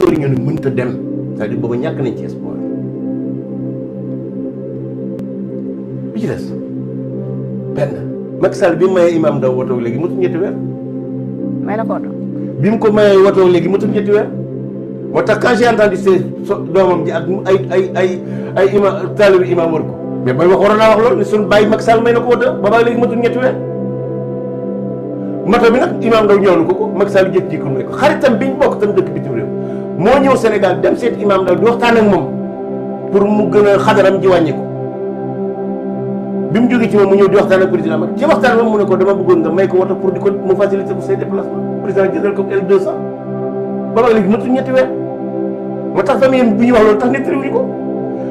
loolu ñu ne mënta ñàkk nañ ci espoir bi ci des benn Macky Sall bi mu mayee imam Ndao woto léegi matul ñetti may na ko woto. bi mu léegi matul ñetti weer moo tax quand j'ai entendu se doomam ji ak ay ay ay ay imam taalibi ko mais booy wax waroon naa wax may na ko woto booba léegi matul ñetti weer. mato bi nag imam ñëw ko ko Macky Sall jékki ko tam dëkk bitim réew. moo ñëw Sénégal dem seet imam daw di waxtaan ak moom pour mu gën a xadaram ji wàññi bi mu jógee ci moom mu ñëw di waxtaan ak président Macky ci waxtaan moom mu ne ko dama bëggoon nga may ko woto pour di ko mu faciliter ko ko L200 booba léegi tax tamit yéen bu ñuy wax loolu tax nettali wuñu ko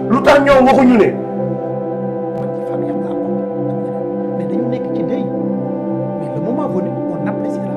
lu tax ñoom waxuñu ne mais dañu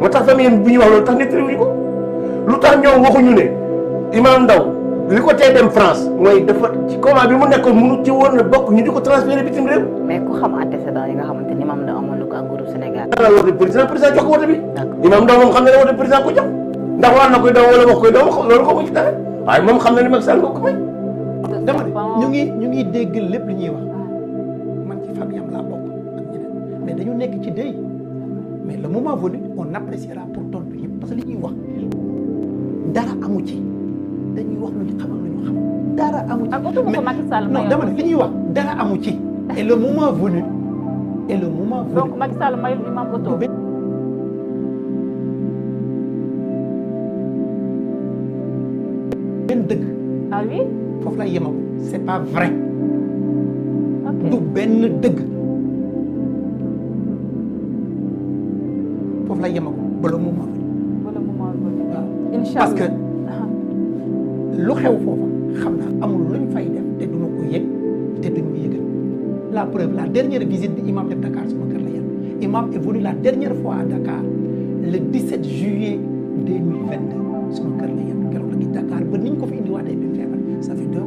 moo tax tamit yéen bu ñuy wax loolu tax nettali wuñu lu tax ñoom waxuñu ne Imaam Ndao li ko te dem France mooy dafa ci combat bi mu nekkoon mënu ci woon na bokk ñu di ko transféré bitim réew. mais ku xam antécédent yi nga xamante ni Imaam Ndao amoon ko ak bi. Imaam Ndao moom ko xam na ne Macky ñu ngi ñu ngi dégg lépp li ñuy wax man ci famille am laa bokk ak ñeneen dañu nekk ci dëy mais le moment venu on appréciera pour tontu yëpp parce que li ñuy wax dara amu ci dañuy wax lu ñu xam ak lu ñu xam dara amu ah, dama ne li ñuy wax dara amu ci. et le moment venu et le moment venu. donc Macky benn dëgg. ah oui. foofu la c'est pas vrai. du benn dëgg. foofu lay yemagum bala mu ma parce que lu xew foofu xam naa amul luñ fay def te duñu ko yëg te duñu yëgal la preuve la dernière visite de imam def la yem fois à Dakar le 17 juillet 2022 suma kër la yem keroog la Dakar ba niñ ko fi indiwaatee bi feebar ça fait deux